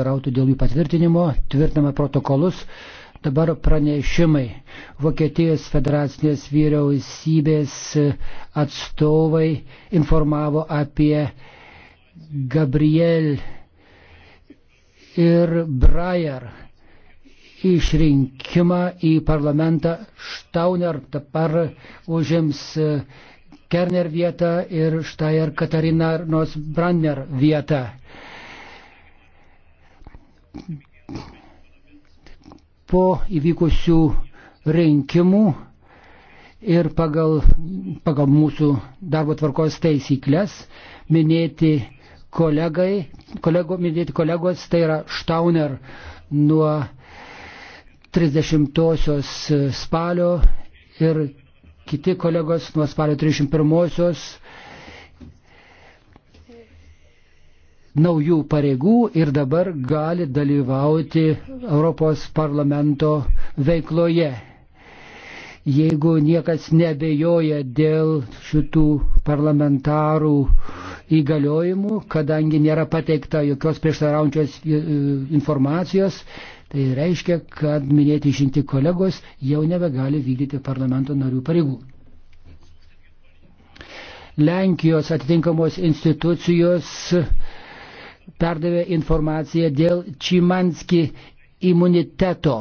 tarautų dėl jų patvirtinimo, tvirtiname protokolus. Dabar pranešimai. Vokietijos federacinės vyriausybės atstovai informavo apie Gabriel ir Breyer išrinkimą į parlamentą. Štauner dabar užims Kerner vietą ir Štajer Katarina Nosbrander vietą po įvykusių rinkimų ir pagal, pagal mūsų darbo tvarkos taisyklės minėti kolegai, kolego, minėti kolegos, tai yra Štauner nuo 30 spalio ir kiti kolegos nuo spalio 31 naujų pareigų ir dabar gali dalyvauti Europos parlamento veikloje. Jeigu niekas nebejoja dėl šitų parlamentarų įgaliojimų, kadangi nėra pateikta jokios prieštaraujančios e, informacijos, tai reiškia, kad minėti išrinkti kolegos jau nebegali vykdyti parlamento narių pareigų. Lenkijos atitinkamos institucijos perdavė informaciją dėl Čimanski imuniteto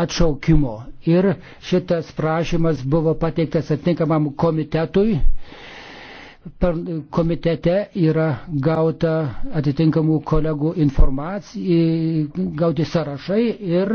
atšaukimo. Ir šitas prašymas buvo pateiktas atitinkamam komitetui. Per komitete yra gauta atitinkamų kolegų informacija, gauti sąrašai ir